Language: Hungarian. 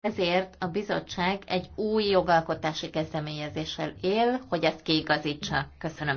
Ezért a bizottság egy új jogalkotási kezdeményezéssel él, hogy ezt kiigazítsa. Köszönöm.